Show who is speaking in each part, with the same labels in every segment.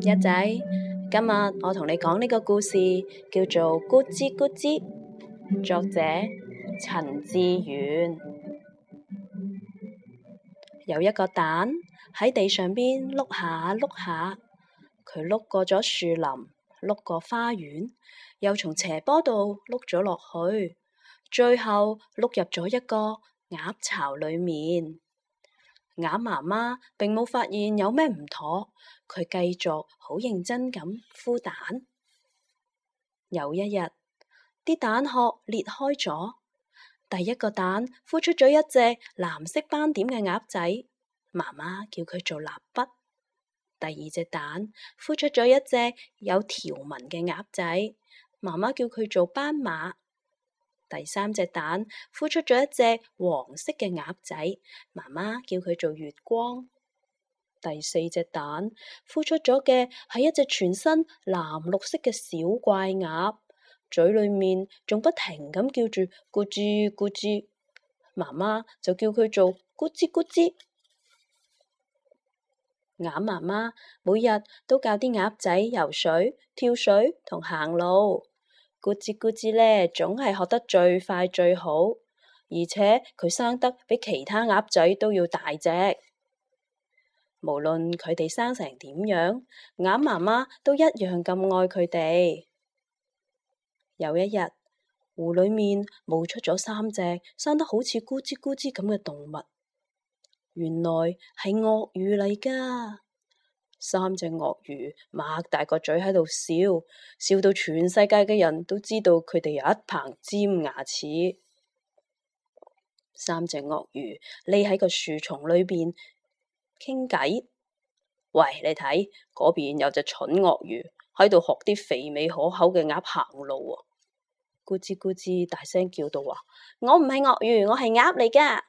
Speaker 1: 一仔，今日我同你講呢個故事，叫做《咕嘰咕嘰》，作者陳致元。有一個蛋喺地上邊碌下碌下，佢碌過咗樹林，碌過花園，又從斜坡度碌咗落去，最後碌入咗一個鴨巢裏面。鴨媽媽並冇發現有咩唔妥，佢繼續好認真咁孵蛋。有一日，啲蛋殼裂開咗，第一個蛋孵出咗一隻藍色斑點嘅鴨仔，媽媽叫佢做蠟筆。第二隻蛋孵出咗一隻有條紋嘅鴨仔，媽媽叫佢做斑馬。第三隻蛋孵出咗一隻黃色嘅鴨仔，媽媽叫佢做月光。第四隻蛋孵出咗嘅係一隻全身藍綠色嘅小怪鴨，嘴裏面仲不停咁叫住咕嘰咕嘰，媽媽就叫佢做咕嘰咕嘰。鴨媽媽每日都教啲鴨仔游水、跳水同行路。咕吱咕吱呢，總係學得最快最好，而且佢生得比其他鴨仔都要大隻。無論佢哋生成點樣，鴨媽媽都一樣咁愛佢哋。有一日，湖裏面冒出咗三隻生得好似咕吱咕吱咁嘅動物，原來係鱷魚嚟㗎。三隻鱷魚擘大個嘴喺度笑，笑到全世界嘅人都知道佢哋有一棚尖牙齒。三隻鱷魚匿喺個樹叢裏邊傾偈。喂，你睇嗰邊有隻蠢鱷魚喺度學啲肥美可口嘅鴨行路啊！咕吱咕吱大聲叫到話：我唔係鱷魚，我係鴨嚟噶。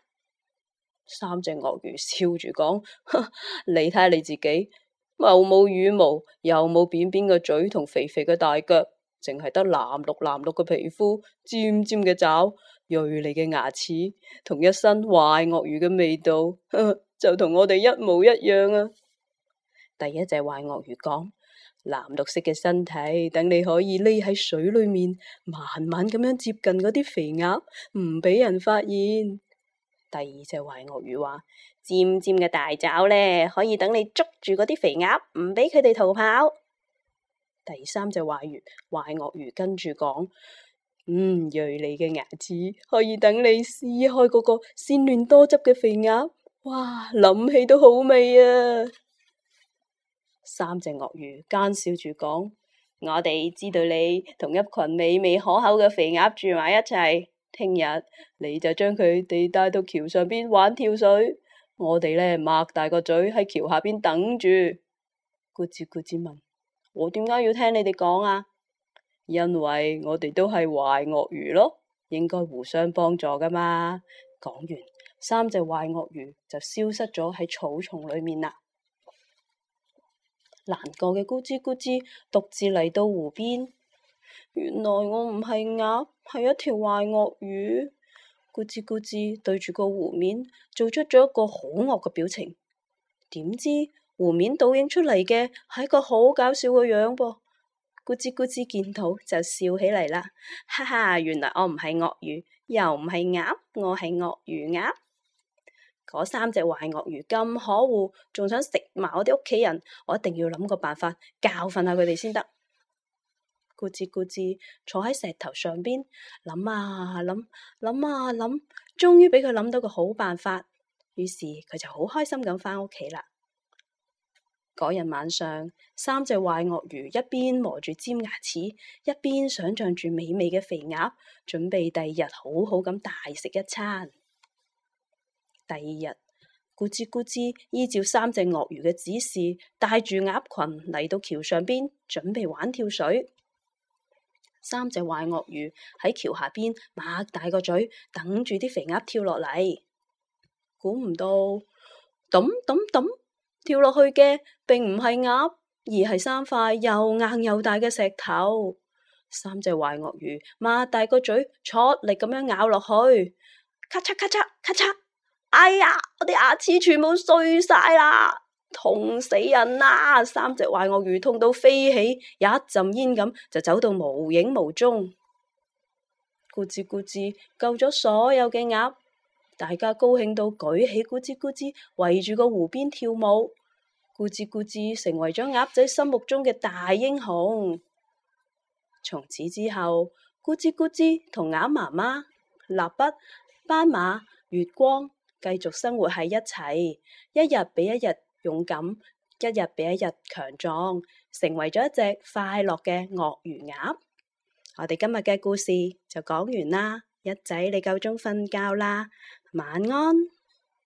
Speaker 1: 三隻鱷魚笑住講：你睇下你自己。又冇羽毛，又冇扁扁嘅嘴同肥肥嘅大腳，淨係得藍綠藍綠嘅皮膚、尖尖嘅爪、銳利嘅牙齒，同一身壞鱷魚嘅味道，呵呵，就同我哋一模一樣啊！第一隻壞鱷魚講：藍綠色嘅身體，等你可以匿喺水裏面，慢慢咁樣接近嗰啲肥鴨，唔俾人發現。第二隻壞鱷魚話：尖尖嘅大爪呢，可以等你捉住嗰啲肥鴨，唔俾佢哋逃跑。第三隻壞魚、壞鱷魚跟住講：嗯，銳利嘅牙齒可以等你撕開嗰個鮮嫩多汁嘅肥鴨，哇，諗起都好味啊！三隻鱷魚奸笑住講：我哋知道你同一群美味可口嘅肥鴨住埋一齊。聽日你就將佢哋帶到橋上邊玩跳水，我哋咧擘大個嘴喺橋下邊等住。咕嘰咕嘰問：我點解要聽你哋講啊？因為我哋都係壞鱷魚咯，應該互相幫助噶嘛。講完，三隻壞鱷魚就消失咗喺草叢裏面啦。難過嘅咕嘰咕嘰獨自嚟到湖邊。原來我唔係鴨，係一條壞鱷魚。咕嘰咕嘰對住個湖面，做出咗一個好惡嘅表情。點知湖面倒影出嚟嘅係一個好搞笑嘅樣噃。咕嘰咕嘰見到就笑起嚟啦，哈哈！原來我唔係鱷魚，又唔係鴨，我係鱷魚鴨。嗰三隻壞鱷魚咁可惡，仲想食埋我啲屋企人，我一定要諗個辦法教訓下佢哋先得。咕嘰咕嘰坐喺石頭上邊諗啊諗，諗啊諗，終於俾佢諗到個好辦法。於是佢就好開心咁返屋企啦。嗰日晚上，三隻壞鱷魚一邊磨住尖牙齒，一邊想象住美味嘅肥鴨，準備第二日好好咁大食一餐。第二日，咕嘰咕嘰依照三隻鱷魚嘅指示，帶住鴨群嚟到橋上邊，準備玩跳水。三隻壞鱷魚喺橋下邊擘大個嘴等住啲肥鴨跳落嚟，估唔到，咚咚咚，跳落去嘅並唔係鴨，而係三塊又硬又大嘅石頭。三隻壞鱷魚擘大個嘴，全力咁樣咬落去，咔嚓咔嚓咔嚓，哎呀，我啲牙齒全部碎晒啦！痛死人啦，啊！三隻壞鱷魚痛到飛起，有一陣煙咁就走到無影無蹤。咕吱咕吱救咗所有嘅鴨，大家高興到舉起咕吱咕吱，圍住個湖邊跳舞。咕吱咕吱成為咗鴨仔心目中嘅大英雄。從此之後，咕吱咕吱同鴨媽媽、蠟筆、斑馬、月光繼續生活喺一齊，一日比一日勇敢，一日比一日強壯，成為咗一隻快樂嘅鱷魚鴨。我哋今日嘅故事就講完啦，一仔，你夠鐘瞓覺啦，晚安。